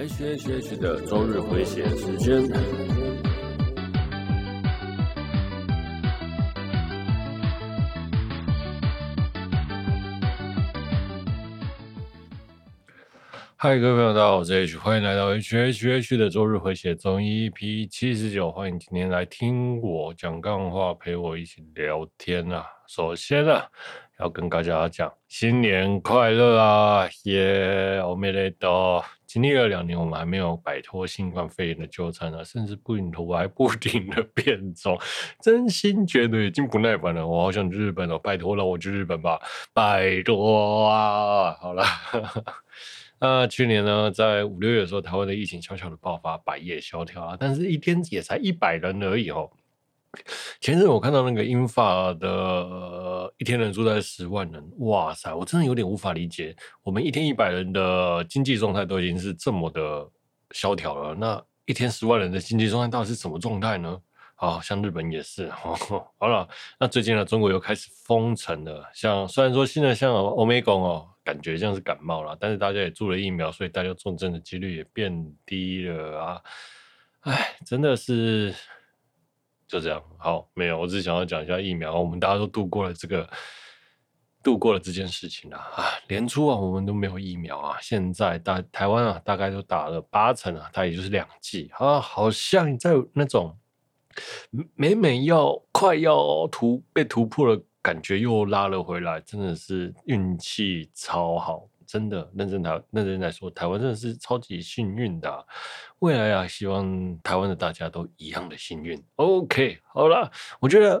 H H H 的週日回血時間。嗨，各位朋友，大家好，我是 H，歡迎來到 H H H 的週日回血中 EP 七十九，歡迎今天來聽我講幹話，陪我一起聊天啊。首先呢、啊。要跟大家講新年快樂啊耶！我沒得到經歷了兩年，我們還沒有擺脫新冠肺炎的糾纏啊，甚至病毒還不停的變種，真心覺得已經不耐煩了。我好想去日本哦，拜托了，我去日本吧，拜托啊！好了，呵呵，那去年呢，在五六月的時候，台灣的疫情悄悄的爆發，百業蕭條啊，但是一天也才一百人而已哦。前日我看到那個英法的一天人數在十萬人，哇塞，我真的有點無法理解。我們一天一百人的經濟狀態都已經是這麼的蕭條了，那一天十萬人的經濟狀態到底是什麼狀態呢？好像日本也是。呵呵好了，那最近呢，中國又開始封城了。像雖然說現在像歐美港哦，感覺像是感冒了，但是大家也注了疫苗，所以大家重症的幾率也變低了啊。哎，真的是。就這樣，好，沒有，我只是想要講一下疫苗。我們大家都度過了這個，度過了這件事情了啊！啊，年初啊，我們都沒有疫苗啊，現在大台灣啊，大概都打了八成啊，它也就是兩劑啊，好像在那種每每要快要突被突破了，感覺又拉了回來，真的是運氣超好。真的認真來認真來說，台灣真的是超級幸運的啊。未來啊，希望台灣的大家都一樣的幸運。OK，好了，我覺得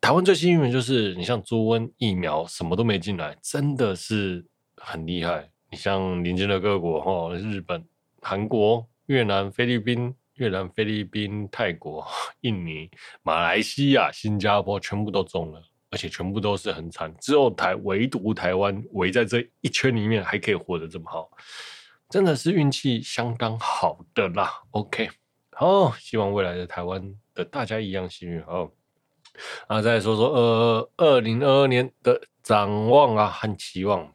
台灣最幸運的就是你像豬瘟疫苗什麼都沒進來，真的是很厲害。你像鄰近的各國哈，日本、韓國、越南、菲律賓、越南、菲律賓、泰國、印尼、馬來西亞、新加坡，全部都中了。而且全部都是很慘，只有台，唯獨台灣圍在這一圈裡面還可以活得這麼好，真的是運氣相當好的啦。OK，好，希望未來的台灣的大家一樣幸運哦。啊，再說說呃2022年的展望啊和期望。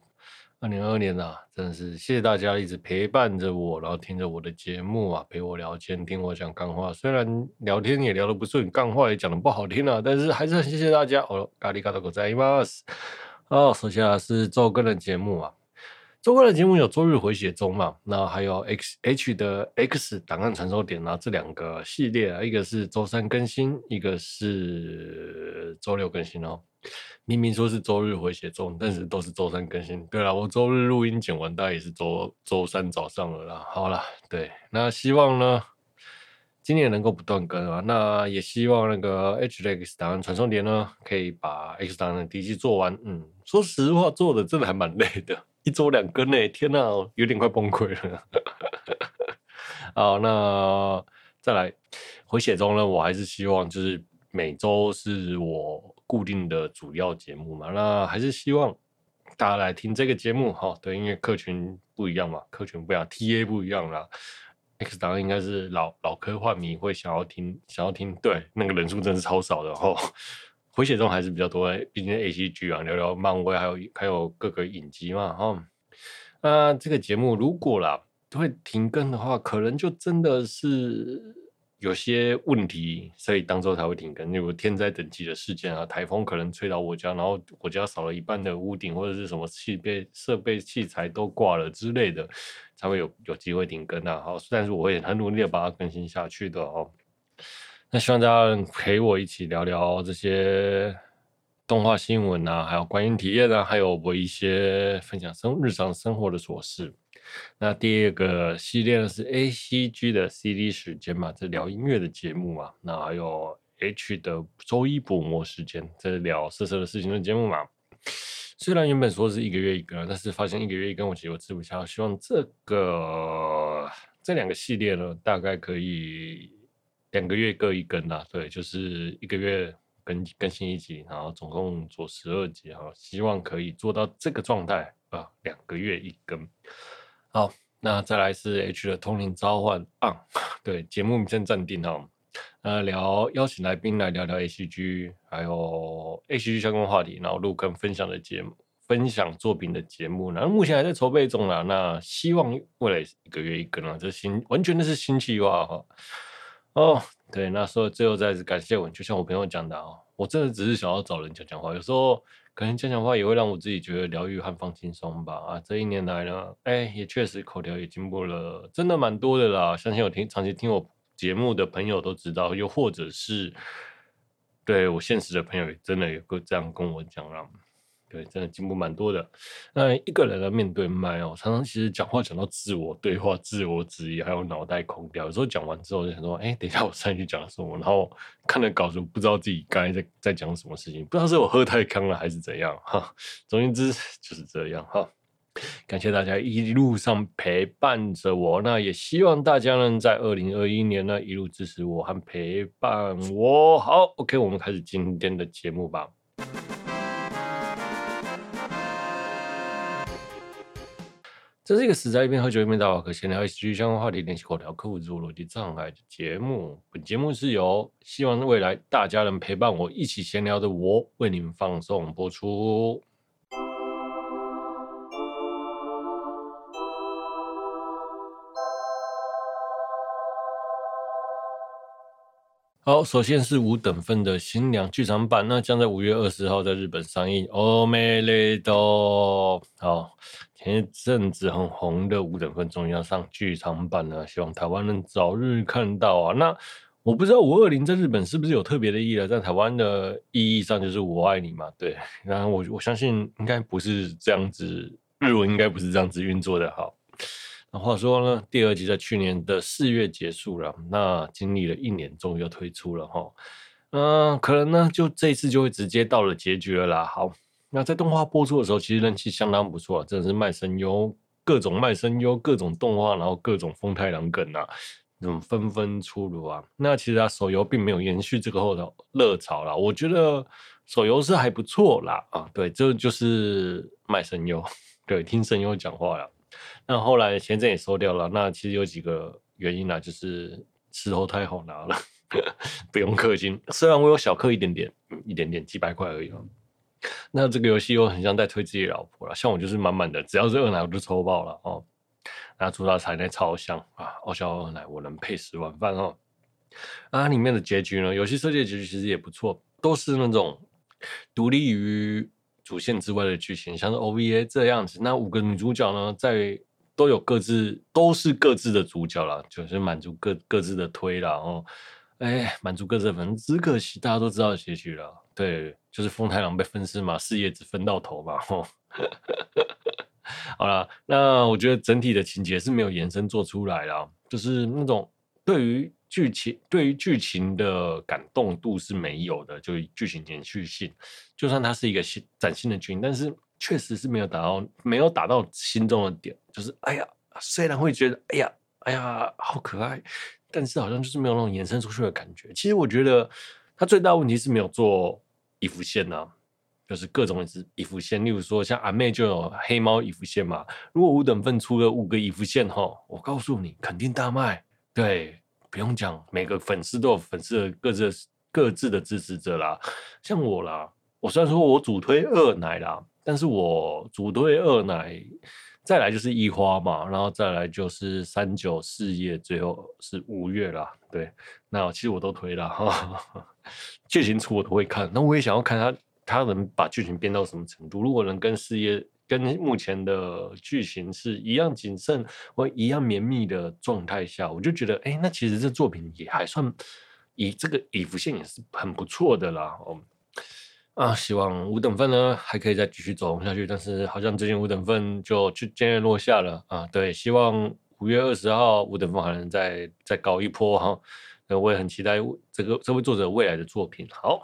二零二二年吶、啊，真的是謝謝大家一直陪伴着我，然後聽着我的節目啊，陪我聊天，聽我講乾話。雖然聊天也聊得不順，乾話也講得不好聽啊，但是還是很謝謝大家哦，阿里嘎多ございます。好，首先是周更的節目啊。週刊的節目有周日回血中嘛？那還有 X H 的 X 檔案傳送點啊，這兩個系列啊，一個是周三更新，一個是周六更新哦。明明說是周日回血中，但是都是周三更新。嗯、對啦，我周日錄音剪完，大概也是周周三早上了啦。好啦，對，那希望呢今年能夠不斷更啊。那也希望那個 H X 檔案傳送點呢，可以把 X 檔案的 DG 做完。嗯，說實話，做的真的還蠻累的。一週兩更呢，天啊，有點快崩潰了。 好，那再來回血中呢，我還是希望就是每週是我固定的主要節目嘛。那還是希望大家來聽這個節目，好，對，因為客群不一樣嘛，客群不一樣，TA 不一樣啦，X 檔案應該是老老科幻迷會想要聽，想要聽，對，那個人數真是超少的，吼。回血中還是比較多，畢竟 A C G 啊，聊聊漫威，還有還有各個影集嘛，哈、哦。那這個節目如果啦都會停更的話，可能就真的是有些問題，所以當週才會停更。例如天災等級的事件啊，颱風可能吹到我家，然後我家少了一半的屋頂，或者是什麼器備設備器材都掛了之類的，才會有有機會停更啊好、哦，但是我也很努力的把它更新下去的哦。那希望大家能陪我一起聊聊這些動畫新聞啊，還有觀影體驗啊，還有我一些分享生日常生活的瑣事。那第二個系列呢是 A C G 的 C D 時間嘛，在聊音樂的節目嘛。那還有 H 的周一補魔時間，在聊色色的事情的節目嘛。雖然原本說是一個月一個，但是發現一個月一更，我其實吃不下。希望這個這兩個系列呢，大概可以。兩個月各一更吶、啊，對，就是一個月更更新一集，然後總共做十二集哈，希望可以做到這個狀態啊、呃，兩個月一更。好，那再來是 H 的通靈召喚棒、嗯，對，節目名稱暫定哈、啊，呃，聊邀請來賓來聊聊 A C G，還有 A C G 相關話題，然後錄跟分享的節目，分享作品的節目呢，然後目前還在籌備中啦、啊，那希望未來一個月一更啊，這新完全的是新計劃哈、啊。哦，oh, 對，那所以最後再次感謝我，就像我朋友講的哦、啊，我真的只是想要找人講講話，有時候可能講講話也會讓我自己覺得療癒和放輕鬆吧。啊，這一年來呢，哎，也確實口條也進步了，真的蠻多的啦。相信有聽長期聽我節目的朋友都知道，又或者是對我現實的朋友也真的也會這樣跟我講啦對，真的進步蠻多的。那一個人呢，面對麥哦、喔，常常其實講話講到自我對話、自我質疑，還有腦袋空掉。有時候講完之後，就想說：“哎、欸，等一下我上去講了什麼？”然後看了稿子，不知道自己剛才在在講什麼事情，不知道是我喝太康了還是怎樣。哈，總言之就是這樣。哈，感謝大家一路上陪伴着我。那也希望大家能在二零二一年呢，一路支持我，和陪伴我。好，OK，我們開始今天的節目吧。這是一個死宅一邊喝酒一邊打撲克，閒聊 ACG 相關話題、聯繫口條、克服自我邏輯障礙的節目。本節目是由希望未來大家能陪伴我一起閒聊的我為你們放送播出。好，首先是五等分的新娘劇場版，那將在五月二十號在日本上映。Oh，おめでとう！好，前一陣子很紅的五等分終於要上劇場版了，希望台灣能早日看到啊。那我不知道五二零在日本是不是有特別的意義了，在台灣的意義上就是我愛你嘛？對，然後我我相信應該不是這樣子，日文應該不是這樣子運作的。好。話說呢，第二季在去年的四月結束了，那經歷了一年，終於又推出了哈，嗯、呃，可能呢，就這次就會直接到了結局了啦。好，那在動畫播出的時候，其實人氣相當不錯，真的是賣聲優，各種賣聲優，各種動畫，然後各種風太郎梗啊，那種紛紛出爐啊？那其實啊，手遊並沒有延續這個後的熱潮啦，我覺得手遊是還不錯啦，啊，對，這就是賣聲優，對，聽聲優講話啦那後來簽證也收掉了。那其實有幾個原因啦，啊，就是石頭太好拿了， 不用氪金。雖然我有小氪一點點，嗯，一點點幾百塊而已嘛，啊。嗯，那這個遊戲又很像在推自己老婆了，像我就是滿滿的，只要是二奶我就抽爆了哦。拿出大彩那超香啊，二小二奶我能配十碗飯哦。啊，裡面的結局呢？遊戲設計的結局其實也不錯，都是那種獨立於。主線之外的劇情，像是 OVA 這樣子，那五個女主角呢，在都有各自都是各自的主角了，就是滿足各各自的推了哦。哎、喔，欸、滿足各自的，反正只可惜大家都知道結局了，對，就是風太郎被分屍嘛，事業只分到頭嘛。喔、 好了，那我覺得整體的情節是沒有延伸做出來啦，就是那種對於。劇情對於劇情的感動度是沒有的，就劇情延續性，就算它是一個新嶄新的劇情，但是確實是沒有達到，沒有達到心中的點，就是哎呀，雖然會覺得哎呀哎呀好可愛，但是好像就是沒有那種延伸出去的感覺。其實我覺得它最大問題是沒有做衣服線呢、啊，就是各種是衣服線，例如說像阿妹就有黑貓衣服線嘛，如果五等分出了五個衣服線哈，我告訴你肯定大賣，對。不用講，每個粉絲都有粉絲的各自的、各自的支持者啦。像我啦，我雖然說我主推二乃啦，但是我主推二乃，再來就是一花嘛，然後再來就是三玖四葉，最後是五月啦。對，那其實我都推了哈，劇情出我都會看，那我也想要看他他能把劇情變到什麼程度。如果能跟四葉跟目前的劇情是一樣謹慎或一樣綿密的狀態下，我就覺得，哎、欸，那其實這作品也還算以這個起伏線也是很不錯的啦。哦啊，希望五等分呢還可以再繼續走下去，但是好像最近五等分就就漸漸落下了啊。對，希望五月二十號五等分還能再再搞一波哈。那我也很期待這個這位作者未來的作品。好。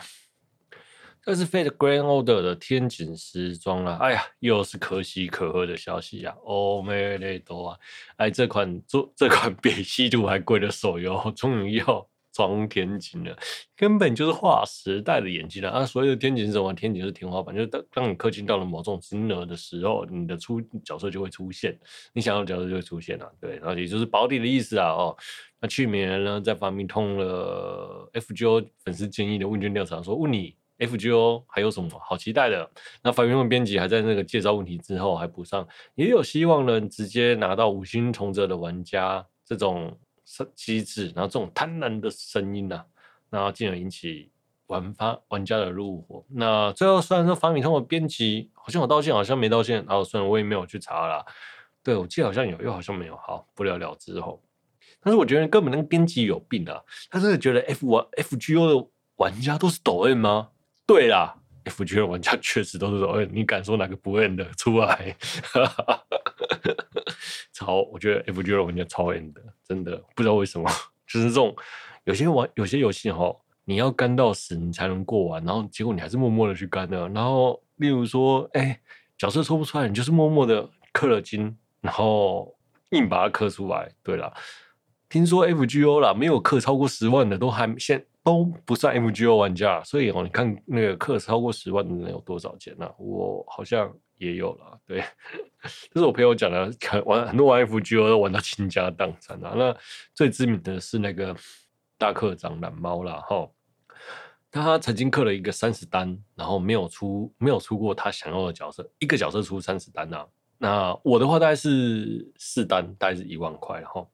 這是《Fate Grand Order》的天井實裝了，啊，哎呀，又是可喜可賀的消息呀！Oh my god！哎，這款做這款比稀土還貴的手遊，終於要裝天井了，根本就是劃時代的演技了啊！所謂的天井是什麼？天井是天花板，就是當你氪金到了某種金額的時候，你的出角色就會出現，你想要的角色就會出現了，啊。對，然後也就是保底的意思啊！哦，那去年呢，在發明通了 FGO 粉絲建議的問卷調查說，說問你。F G O 還有什麼好期待的？那法米通編輯還在那個介紹問題之後，還補上，也有希望能直接拿到五星從者的玩家這種機制，然後這種貪婪的聲音吶、啊，然後進而引起玩法玩家的怒火。那最後雖然說法米通的編輯好像有道歉，好像沒道歉，後算了，雖然我也沒有去查了啦。對，我記得好像有，又好像沒有，好不了了之後，但是我覺得根本那個編輯有病啊，他真的覺得 F 玩 F G O 的玩家都是抖 M 嗎？對啦，F G O 玩家確實都是說，哎，你敢說哪個不 end 的出來？ 超，我覺得 F G O 玩家超 end 的，真的不知道為什麼，就是這種有些玩有些遊戲哈、哦，你要肝到死你才能過完，然後結果你還是默默的去肝的，然後例如說，哎，角色抽不出來，你就是默默的氪了金，然後硬把它氪出來。對啦，聽說 F G O 啦，沒有氪超過十萬的都還先。都不算 FGO 玩家，所以哦，你看那個氪超過十萬的人有多少錢呢？啊？我好像也有了，對，這 是我朋友講的，玩很多玩 FGO 都玩到傾家蕩產了。那最知名的是那個大課長懶貓啦哈，吼他曾經氪了一個三十單，然後沒有出沒有出過他想要的角色，一個角色出三十單啊。那我的話大概是四單，大概是一萬塊，然後。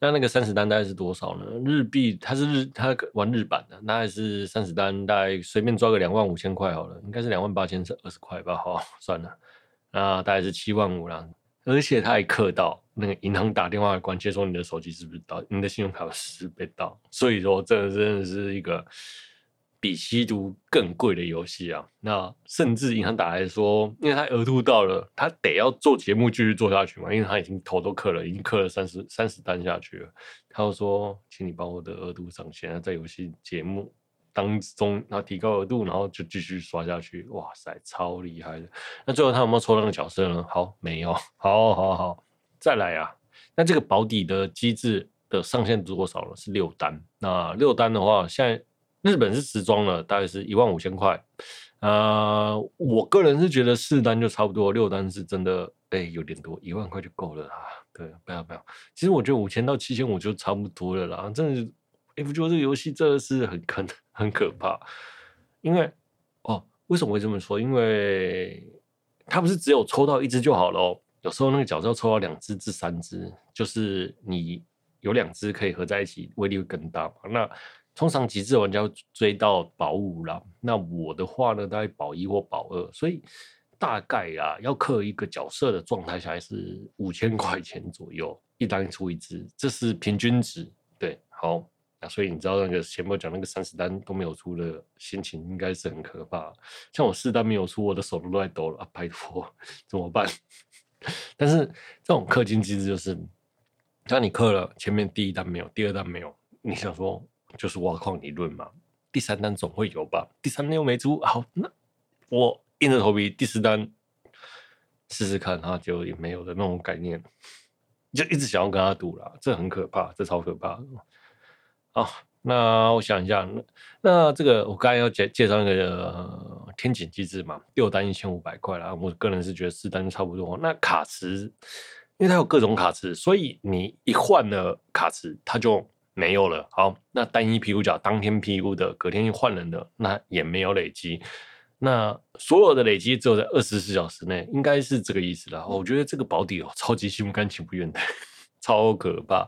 那那個三十單大概是多少呢？日幣，他是日，他玩日版的，那還是三十單，大概隨便抓個兩萬五千塊好了，應該是兩萬八千二十塊吧，好，算了，那大概是七萬五啦。而且他還課到那個銀行打電話關切，接收你的手機是不是盜，你的信用卡是不是被盜，所以說，這真的是一個。比吸毒更貴的遊戲啊！那甚至銀行打來說，因為他額度到了，他得要做節目繼續做下去嘛，因為他已經頭都課了，已經課了三十三十單下去了。他就說，請你把我的額度上限在遊戲節目當中，然後提高額度，然後就繼續刷下去。哇塞，超厲害的！那最後他有沒有抽到那個角色呢？好，沒有。好好好，再來啊！那這個保底的機制的上限是多少呢？是六單。那六單的話，現在。日本是實裝了，大概是一萬五千塊。啊、uh,，我個人是覺得四單就差不多，六單是真的，哎、欸，有點多，一萬塊就夠了啦。對，不要不要，其實我覺得五千到七千五就差不多了啦。真的，FGO 我覺得這個遊戲真的是很坑，很可怕。因為，哦，為什麼會這麼說？因為它不是只有抽到一隻就好了。哦，有時候那個角色要抽到兩隻至三隻，就是你有兩隻可以合在一起，威力會更大嘛。那通常極致玩家追到保五了，那我的話呢，大概保一或保二，所以大概啊，要氪一個角色的狀態下來是五千塊錢左右，一單出一隻，這是平均值。對，好，啊、所以你知道那個前面講那個三十單都沒有出的心情，應該是很可怕。像我四單沒有出，我的手都在抖了啊，拜托怎麼辦？ 但是這種氪金機制就是，當你氪了前面第一單沒有，第二單沒有，你想說，就是挖礦理論嘛，第三單總會有吧？第三單又沒出，好，那我硬着頭皮第四單試試看，然後就也沒有的那種概念，就一直想要跟他賭了，這很可怕，這超可怕哦，好，那我想一下，那那這個我剛才要介介紹那個、呃、天井機制嘛，六單一千五百塊啦，我個人是覺得四單差不多。那卡池，因為它有各種卡池，所以你一換了卡池，它就。沒有了，好，那單一 PU 角當天 PU 的，隔天又換人的，那也沒有累積，那所有的累積只有在二十四小時內，應該是這個意思啦，我覺得這個保底哦，超級心不甘情不願的，超可怕。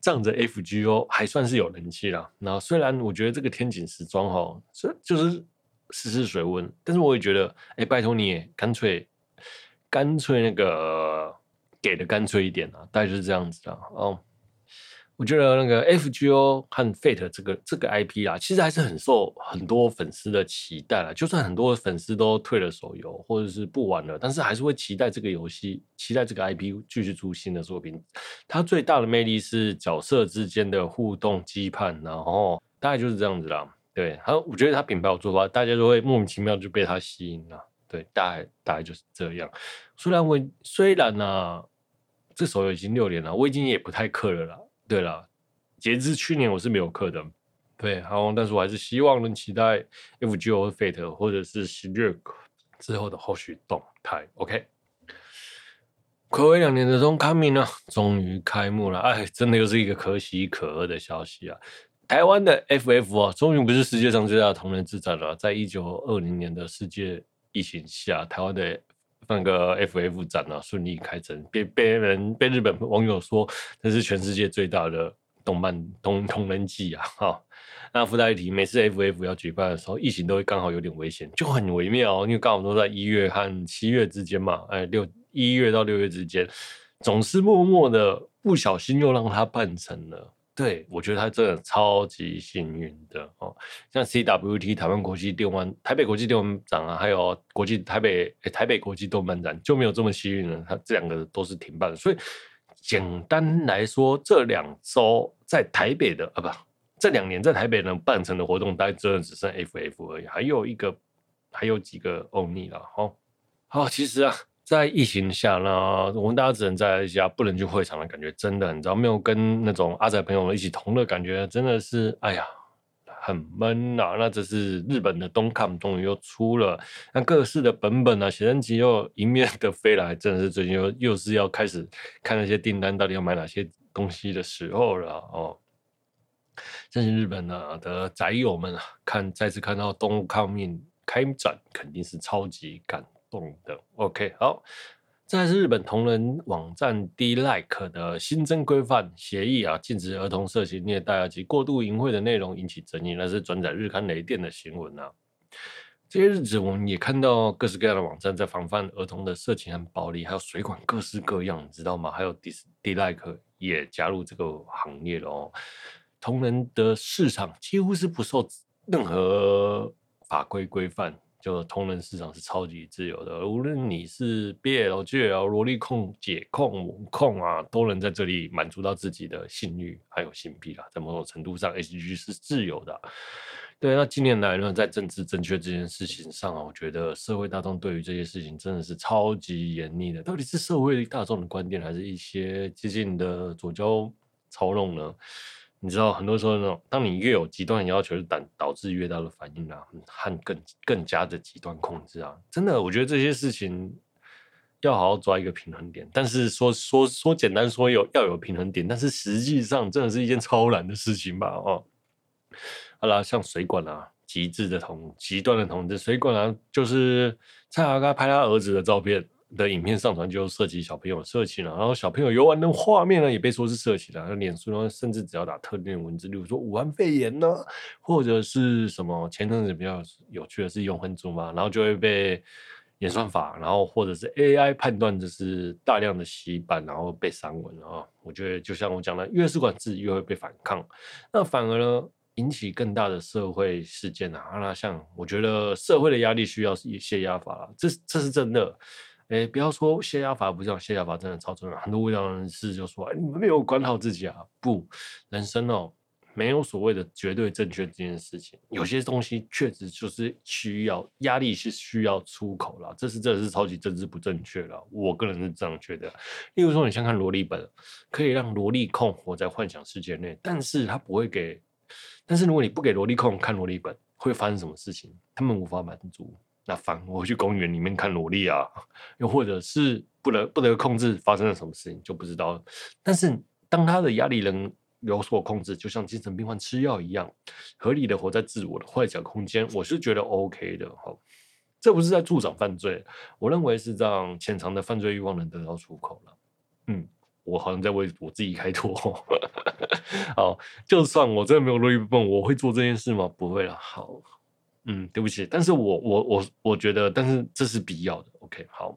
仗着 F G O 還算是有人氣了，那雖然我覺得這個天井實裝哈、哦，這就是試試水溫，但是我也覺得，哎，拜託你，乾脆乾脆那個給的乾脆一點啊，大概就是這樣子的，哦。我覺得那個 F G O 和 Fate 這個這個 I P 啦，其實還是很受很多粉絲的期待啦。就算很多粉絲都退了手遊或者是不玩了，但是還是會期待這個遊戲，期待這個 I P 繼續出新的作品。它最大的魅力是角色之間的互動羈絆，然後大概就是這樣子啦。對，還有我覺得它品牌有做吧，大家都會莫名其妙就被它吸引了。對，大概大概就是這樣。雖然我雖然呢、啊，這手遊已經六年了，我已經也不太氪了啦。對了，截至去年我是沒有課的，對，好，但是我還是希望能期待 FGO Fate 或者是 Shirk 之後的後續動態。OK，暌違兩年的冬 Comi 呢、啊，終於開幕了，哎，真的又是一個可喜可賀的消息啊！台灣的 FF 啊，終於不是世界上最大的同人誌展了，在一九二零年的世界疫情下，台灣的。那個 FF 展呢、啊、順利開成，被被人被日本網友說這是全世界最大的動漫同同人祭啊！哈、哦，那附帶一提，每次 FF 要舉辦的時候，疫情都會剛好有點危險，就很微妙，哦，因為剛好都在一月和七月之間嘛，哎，六一月到六月之間，總是默默的不小心又讓它辦成了。對，我覺得他真的超級幸運的哦。像 CWT 台灣國際電玩、台北國際電玩展啊，還有國際台北、欸、台北國際動漫展就沒有這麼幸運了，他這兩個都是停辦了。所以簡單來說，這兩周在台北的啊，不，這兩年在台北能辦成的活動，大概真的只剩 FF 而已，還有一個，還有幾個 Only 了好，啊、哦哦，其實啊。在疫情下呢，我們大家只能在家，不能去會場的感覺，真的很糟。沒有跟那種阿宅朋友們一起同樂，感覺真的是，哎呀，很悶吶、啊。那這是日本的冬 COMI 終於又出了那各式的本本啊，寫真集又迎面的飛來，真的是最近又又是要開始看那些訂單，到底要買哪些東西的時候了哦。這是日本的的宅友們看，再次看到冬 COMI 開展，肯定是超級感。的 OK 好，這是日本同人網站 DLsite 的新增規範協議啊，禁止兒童色情虐待以及過度淫穢的內容，引起爭議。那是轉載日刊雷電的新聞啊。這些日子我們也看到各式各樣的網站在防範兒童的色情和暴力，還有水管各式各樣，你知道嗎？還有 D DLsite 也加入這個行業哦。同人的市場幾乎是不受任何法規規範。就同人市場是超級自由的，無論你是 BL G、啊、GL、蘿莉控、姐控、母控啊，都能在這裡滿足到自己的性慾還有性癖啦。在某種程度上，H G 是自由的、啊。對，那近年來呢，在政治正確這件事情上啊，我覺得社會大眾對於這些事情真的是超級嚴厲的。到底是社會大眾的觀點，還是一些激進的左交操弄呢？你知道，很多時候那種，當你越有極端的要求，就導導致越大的反應啦、啊，和更更加的極端控制啊。真的，我覺得這些事情要好好抓一個平衡點。但是說說說簡單說有要有平衡點，但是實際上真的是一件超難的事情吧？哦，好、啊、啦，像水管啊，極致的同，極端的同志，水管啊，就是蔡阿嘎拍他兒子的照片。的影片上傳就涉及小朋友的色情了啊，然後小朋友遊玩的畫面呢也被說是色情了啊。那臉書呢，甚至只要打特定的文字，例如說“武漢肺炎啊”呢，或者是什麼前陣子比較有趣的是“永恆族”嘛，然後就會被演算法，然後或者是 AI 判斷的是大量的洗版，然後被刪文啊。我覺得就像我講的，越是管制越會被反抗，那反而呢引起更大的社會事件啊。啊那像我覺得社會的壓力需要一些壓法啊，這是這是真的。哎、欸，不要說洩壓閥不重要，洩壓閥真的超重要。很多無聊人士就說：“欸、你們沒有管好自己啊！”不，人生哦、喔，沒有所謂的絕對正確這件事情。有些東西確實就是需要壓力，是需要出口了。這是真的是超級政治不正確的。我個人是這樣覺得。例如說，你先看蘿莉本，可以讓蘿莉控活在幻想世界內，但是他不會給。但是如果你不給蘿莉控看蘿莉本，會發生什麼事情？他們無法滿足。那反，我去公園裡面看蘿莉啊，又或者是不能不能控制發生了什麼事情就不知道。但是當他的壓力能有所控制，就像精神病患吃藥一樣，合理的活在自我的幻想空間，我是覺得 OK 的。好，這不是在助長犯罪，我認為是讓潛藏的犯罪欲望能得到出口了。嗯，我好像在為我自己開脫。 好，就算我真的沒有蘿莉夢，我會做這件事嗎？不會了。好。嗯，對不起，但是我我我我覺得，但是這是必要的。OK，好，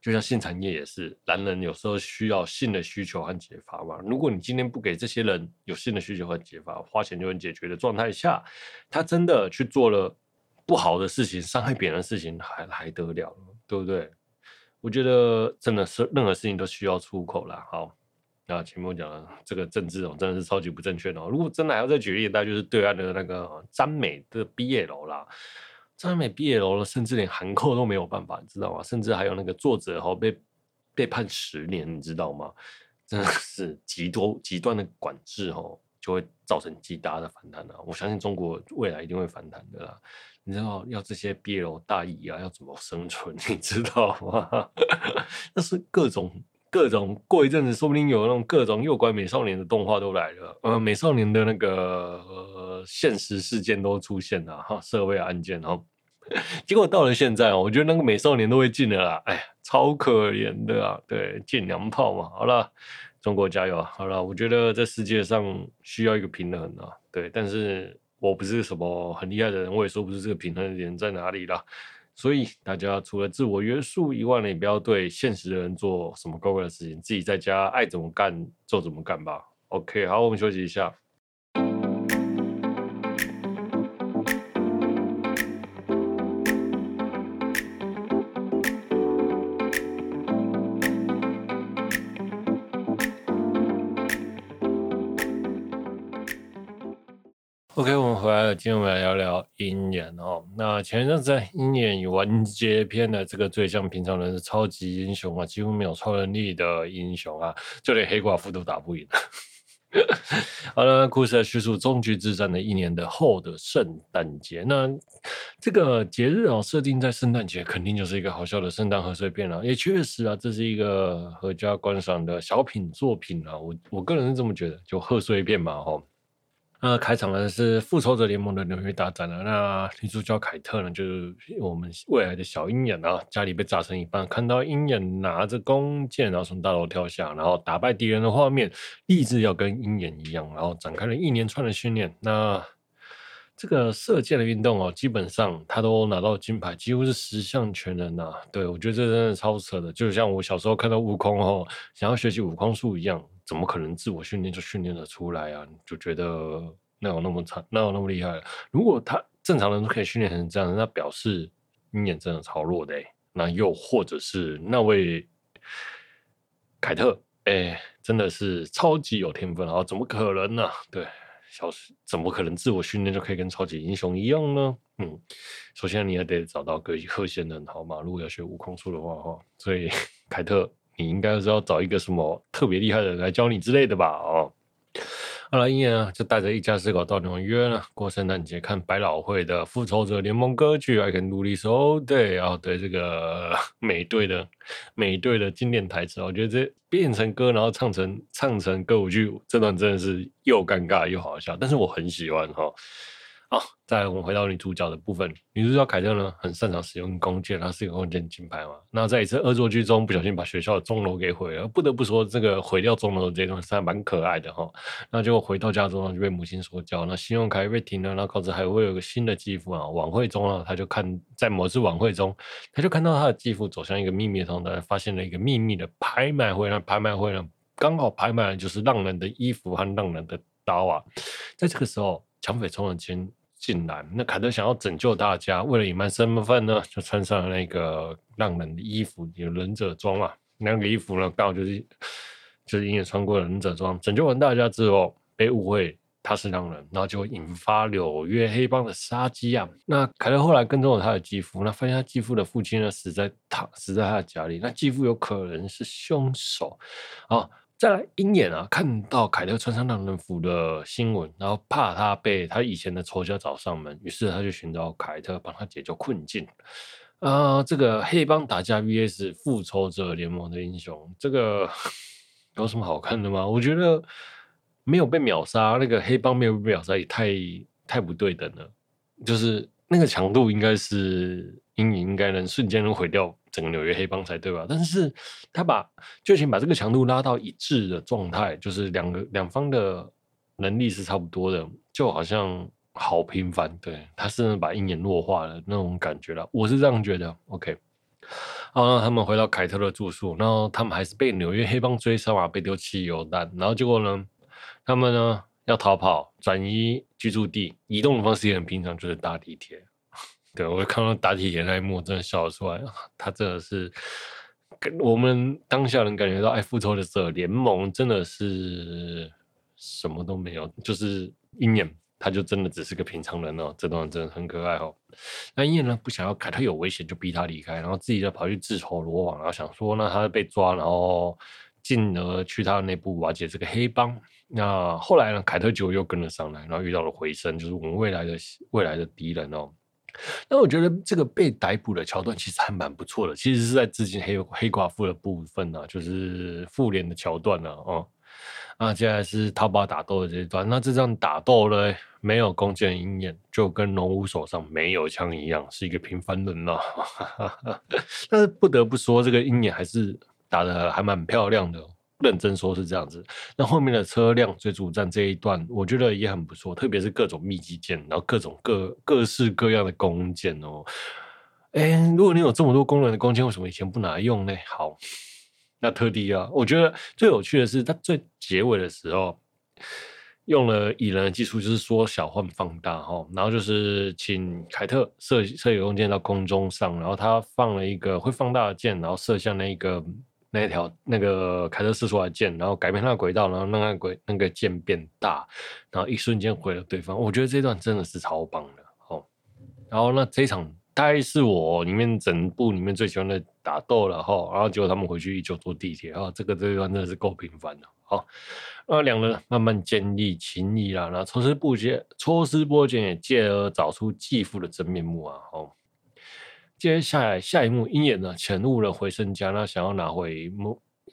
就像性產業也是，男人有時候需要性的需求和解乏嘛。如果你今天不給這些人有性的需求和解乏，花錢就能解決的狀態下，他真的去做了不好的事情，傷害別人的事情還還得了，對不對？我覺得真的是任何事情都需要出口啦，好。啊，前面我講的這個政治哦，真的是超級不正確的哦。如果真的還要再舉例，那就是對岸的那個耽美的 BL 啦，耽美 BL 了，甚至連韓國都沒有辦法，你知道嗎？甚至還有那個作者哦，被被判十年，你知道嗎？真的是極多極端的管制哦，就會造成極大的反彈了、啊、我相信中國未來一定會反彈的啦。你知道要這些 BL 大意啊要怎麼生存，你知道嗎？那 是各種。各種過一陣子，說不定有那種各種誘拐美少年的動畫都來了，呃，美少年的那個、呃、現實事件都出現了，哦、社會案件哦。 結果到了現在我覺得那個美少年都會禁了啦，哎，超可憐的啊，對，禁娘炮嘛。好了，中國加油啊！好了，我覺得這世界上需要一個平衡呢、啊，對，但是我不是什麼很厲害的人，我也說不出這個平衡點在哪裡了。所以大家除了自我約束以外呢，也不要對現實的人做什麼過分的事情，自己在家愛怎麼幹就怎麼幹吧。OK，好，我們休息一下。OK，我們回來了。今天我們來聊聊《鷹眼》哦。那前陣子《鷹眼》有完結篇的這個最像平常人的超級英雄啊，幾乎沒有超能力的英雄啊，就連黑寡婦都打不贏。好了，故事在敘述終局之戰的一年的後的聖誕節。那這個節日哦，設定在聖誕節，肯定就是一個好笑的聖誕賀歲片了，啊。也確實啊，這是一個合家觀賞的小品作品啊。我我個人是這麼覺得，就賀歲片嘛，哦，那、呃、開場呢，是《復仇者聯盟》的流血大戰了。那女主角凱特呢，就是我們未來的小鷹眼啊。家裡被炸成一半，看到鷹眼拿着弓箭、啊，然後從大樓跳下，然後打敗敵人的畫面，立志要跟鷹眼一樣，然後展開了一連串的訓練。那這個射箭的運動哦，基本上他都拿到金牌，幾乎是十項全能吶、啊。對，我覺得這真的超扯的，就像我小時候看到悟空哦，想要學習悟空術一樣。怎麼可能自我訓練就訓練得出來啊？就覺得哪有那麼慘，哪有那麼厲害？如果他正常人都可以訓練成這樣，那表示鷹眼真的超弱的、欸。那又或者是那位凱特，哎、欸，真的是超級有天分啊！怎麼可能呢、啊？對，小怎麼可能自我訓練就可以跟超級英雄一樣呢？嗯，首先你也得找到個特異功能，好嘛？如果要學悟空術的，的話，哈，所以凱特。你應該是要找一個什麼特別厲害的人來教你之類的吧？哦，阿拉爺爺就帶着一家四口到紐約了過聖誕節，看百老匯的《復仇者聯盟》歌劇。I can do this all day。哦對哦對，這個美隊的美隊的經典台詞，我覺得這變成歌，然後唱成唱成歌舞劇，這段真的是又尷尬又好笑，但是我很喜歡哦。好、哦，再我們回到女主角的部分。女主角凱特呢，很擅長使用弓箭，她是一個弓箭金牌嘛。那在一次惡作劇中，不小心把學校的鐘樓給毀了。不得不說，這個毀掉鐘樓這一段是蠻可愛的哈。那就回到家中呢，就被母親說教，那信用卡被停了呢，那之後還會有一個新的繼父啊。晚會中呢，他就看在某次晚會中，他就看到他的繼父走向一個秘密通道，發現了一個秘密的拍賣會。那拍賣會呢，剛好拍賣的就是浪人的衣服和浪人的刀啊。在這個時候，搶匪衝上前。進來，那凱特想要拯救大家，為了隱瞞身份呢，就穿上了那個浪人的衣服，有忍者裝嘛、啊，那個衣服呢，剛好就是就是因為穿過忍者裝拯救完大家之後，被誤會他是浪人，然後就引發紐約黑幫的殺機啊。那凱特後來跟蹤了他的繼父，那發現他繼父的父親呢，死在他死在他的家裡，那繼父有可能是兇手啊。再來鷹眼啊，看到凱特穿上浪人服的新聞，然後怕他被他以前的仇家找上門，於是他就尋找凱特幫他解決困境。啊、呃，這個黑幫打架 VS 復仇者聯盟的英雄，這個有什麼好看的嗎？我覺得沒有被秒殺，那個黑幫沒有被秒殺也太太不對等了，就是那個強度應該是。鷹眼應該能瞬間能毀掉整個紐約黑幫才對吧？但是他把就請把這個強度拉到一致的狀態，就是兩個兩方的能力是差不多的，就好像好平凡。對，他甚至把鷹眼弱化了那種感覺了，我是這樣覺得。OK，然後、啊、他們回到凱特的住宿，然後他們還是被紐約黑幫追殺啊，被丟汽油彈，然後結果呢，他們呢要逃跑，轉移居住地，移動的方式也很平常，就是搭地鐵。對，我看到他打鐵爺那一幕，真的笑得出來。他真的是跟我們當下能感覺到愛復仇的時候，聯盟真的是什麼都沒有，就是鷹眼，他就真的只是個平常人哦。這段真的很可愛哦。那鷹眼呢，不想要凱特有危險，就逼他離開，然後自己就跑去自投羅網，然後想說那他被抓，然後進而去他的內部瓦解這個黑幫。那後來呢，凱特就又跟了上來，然後遇到了回聲，就是我們未來的未來的敵人哦。那我覺得這個被逮捕的橋段其實還蠻不錯的，其實是在致敬黑黑寡婦的部分呢、啊，就是婦聯的橋段呢、啊嗯，啊，那接下來是淘寶打鬥的這一段，那這場打鬥呢，沒有弓箭的鷹眼，就跟農夫手上沒有槍一樣，是一個平凡人呢， 但是不得不說，這個鷹眼還是打得還蠻漂亮的。認真說是這樣子，那後面的車輛追逐戰這一段，我覺得也很不錯，特別是各種密集箭，然後各種各各式各樣的弓箭哦。哎、欸，如果你有這麼多功能的弓箭，為什麼以前不拿來用呢？好，那特地啊，我覺得最有趣的是，它最結尾的時候用了蟻人的技術，就是縮小換放大哦，然後就是請凱特射射有弓箭到空中上，然後他放了一個會放大的箭，然後射向那一個。那一條那個凱特射出來的箭，然後改變它的軌道，然後讓它軌那個劍、那個、變大，然後一瞬間毀了對方。我覺得這段真的是超棒的，哦。然後那這一場大概是我裡面整部裡面最喜歡的打鬥了，哈。然後結果他們回去就坐地鐵，哈。這個這一段真的是夠平凡的，然後那兩人慢慢建立情誼啦，那抽絲剝繭，抽絲剝繭也借而找出繼父的真面目啊，哦。接下來下一幕，鷹眼呢，潛入了回聲家，那想要拿回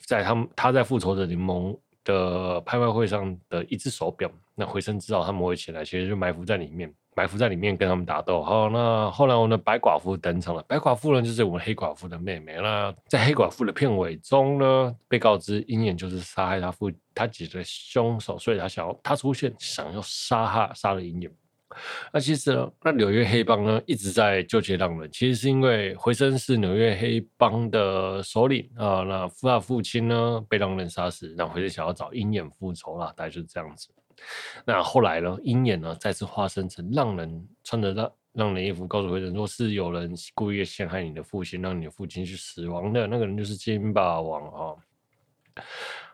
在他們他在復仇者聯盟的拍賣會上的一支手表。那回聲知道他們會前來，其實就埋伏在裡面，埋伏在裡面跟他們打鬥。好，那後來我們的白寡婦登場了。白寡婦呢就是我們黑寡婦的妹妹。那在黑寡婦的片尾中呢，被告知鷹眼就是殺害他父他姐的凶手，所以他想要他出現，想要殺他殺了鷹眼。那、啊、其實呢，那紐約黑幫呢一直在糾結浪人，其實是因為回聲是紐約黑幫的首領啊、呃。那他父親呢被浪人殺死，然那回去想要找鷹眼復仇啦，大概就是這樣子。那後來呢，鷹眼呢再次化身成浪人，穿着浪浪人衣服，告訴回聲，說是有人故意陷害你的父親，讓你的父親去死亡的那個人就是金霸王啊、哦。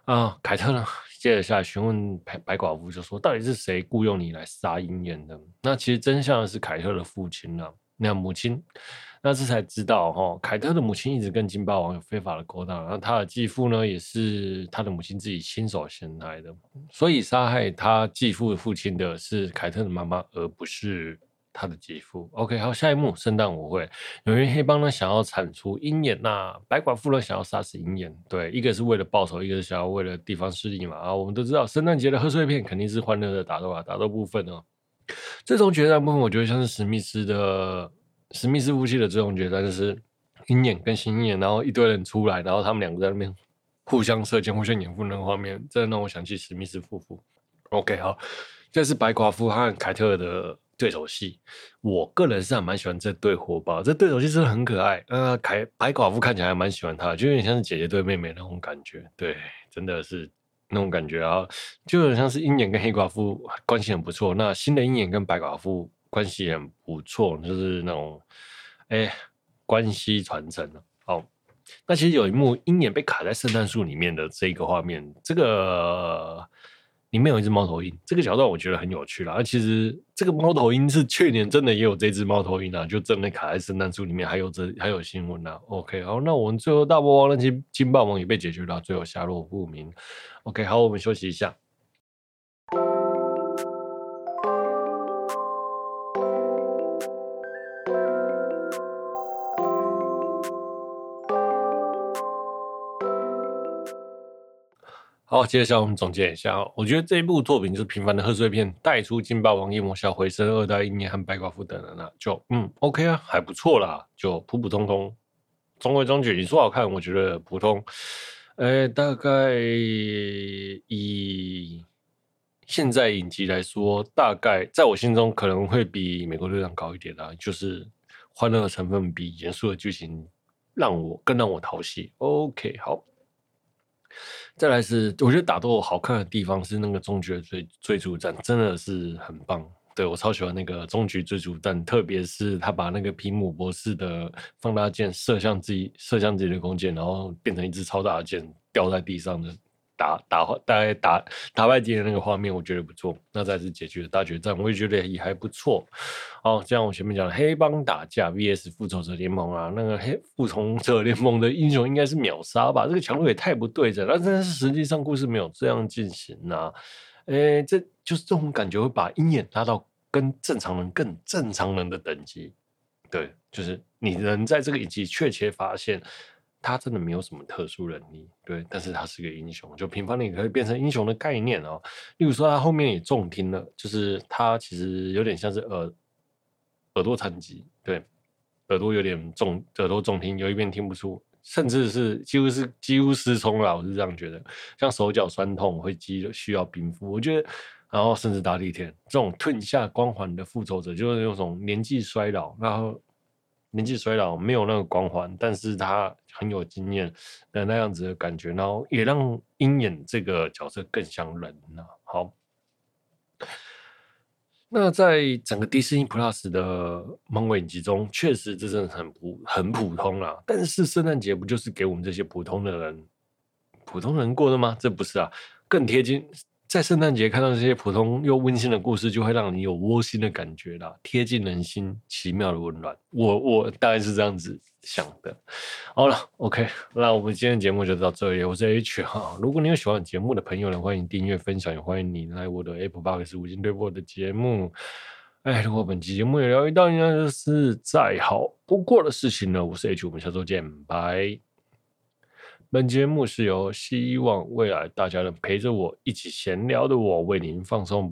啊、呃，凱特呢？接着下來詢問白白寡婦，就說到底是誰僱傭你來殺鷹眼的？那其實真相是凱特的父親、啊、那母親，那這才知道哈、哦，凱特的母親一直跟金霸王有非法的勾當，然後他的繼父呢，也是他的母親自己親手陷害的。所以殺害他繼父父親的是凱特的媽媽，而不是。他的肌膚 OK，好，下一幕，聖誕舞會。有一黑幫呢，想要鏟除鷹眼那、啊、白寡婦呢，想要殺死鷹眼。對，一個是為了報仇，一個是想要為了地方勢力嘛。啊，我們都知道聖誕節的賀歲片肯定是歡樂的打鬥啊，打鬥部分哦。最終決戰部分，我覺得像是史密斯的史密斯夫妻的這種決戰，就是鷹眼跟新鷹眼，然後一堆人出來，然後他們兩個在那邊互相射箭，互相掩護那個畫面，真的讓我想起史密斯夫婦。OK，好，這是白寡婦和凱特的對手戲，我個人是還蠻喜歡這對活寶，這對手戲真的很可愛。呃，凱白寡婦看起來還蠻喜歡他，就有點像是姐姐對妹妹那種感覺。對，真的是那種感覺啊，然後就有點像是鷹眼跟黑寡婦關係很不錯。那新的鷹眼跟白寡婦關係也很不錯，就是那種哎、欸、關係傳承。哦，那其實有一幕鷹眼被卡在聖誕樹裡面的這一個畫面，這個裡面有一隻貓頭鷹，這個橋段我覺得很有趣啦。其實。這個貓頭鷹是去年真的也有這隻貓頭鷹啊，就真的卡在聖誕樹裡面，還有這還有新聞啊。OK，好，那我們最後大魔王那些金霸王也被解決掉，最後下落不明。OK，好，我們休息一下。接下來我們總結一下我覺得這一部作品就是平凡的賀歲片，帶出金霸王、夜魔、小回聲、二代鷹眼和白寡婦等人呢，就嗯，OK 啊，還不錯啦，就普普通通，中規中矩。你說好看，我覺得普通。誒，大概以現在影集來說，大概在我心中可能會比美國隊長高一點啦、啊，就是歡樂的成分比嚴肅的劇情讓我更讓我討喜。OK，好。再來是，我覺得打鬥好看的地方是那個終局追追逐戰，真的是很棒。對，我超喜歡那個終局追逐戰，特別是他把那個皮姆博士的放大鏡射向自己，射向自己的弓箭，然後變成一支超大的箭掉在地上的。打打畫，大概打打，打敗敵人那個畫面，我覺得不錯。那再次解決大決戰，我也覺得也還不錯。哦，像我前面講的，黑幫打架 vs 復仇者聯盟啊，那個黑復仇者聯盟的英雄應該是秒殺吧？這個強度也太不對勁了。但是實際上故事沒有這樣進行啊。誒，這就是這種感覺會把鷹眼拉到跟正常人更正常人的等級。對，就是你能在這個一季確切發現。他真的沒有什麼特殊能力，對，但是他是個英雄，就平凡人可以變成英雄的概念哦。例如說，他後面也重聽了，就是他其實有點像是耳耳朵殘疾，對，耳朵有點重，耳朵重聽，有一邊聽不出，甚至是幾乎是幾乎失聰了。我是這樣覺得，像手腳酸痛會積需要冰敷，我覺得，然後甚至大地天這種吞下光環的復仇者，就是那種年紀衰老，然後。年紀衰老沒有那個光環，但是他很有經驗，那那樣子的感覺，然後也讓鷹眼這個角色更像人了、啊。好，那在整個迪士尼 Plus 的漫威影集中，確實這真的很普很普通啦，啊。但是聖誕節不就是給我們這些普通的人普通人過的嗎？這不是啊，更貼近。在聖誕節看到這些普通又溫馨的故事，就會讓你有窩心的感覺了，貼近人心，奇妙的溫暖。我我大概是這樣子想的。好了，OK，那我們今天的節目就到這裡。我是 H 哈、啊，如果你有喜歡我節目的朋友呢，歡迎訂閱分享，也歡迎你來我的 Apple Podcast 五星對播的節目。哎，如果本期節目有聊一到你，那就是再好不過的事情呢。我是 H，我們下周見，拜。本節目是由希望未來大家能陪着我一起閒聊的我為您放送。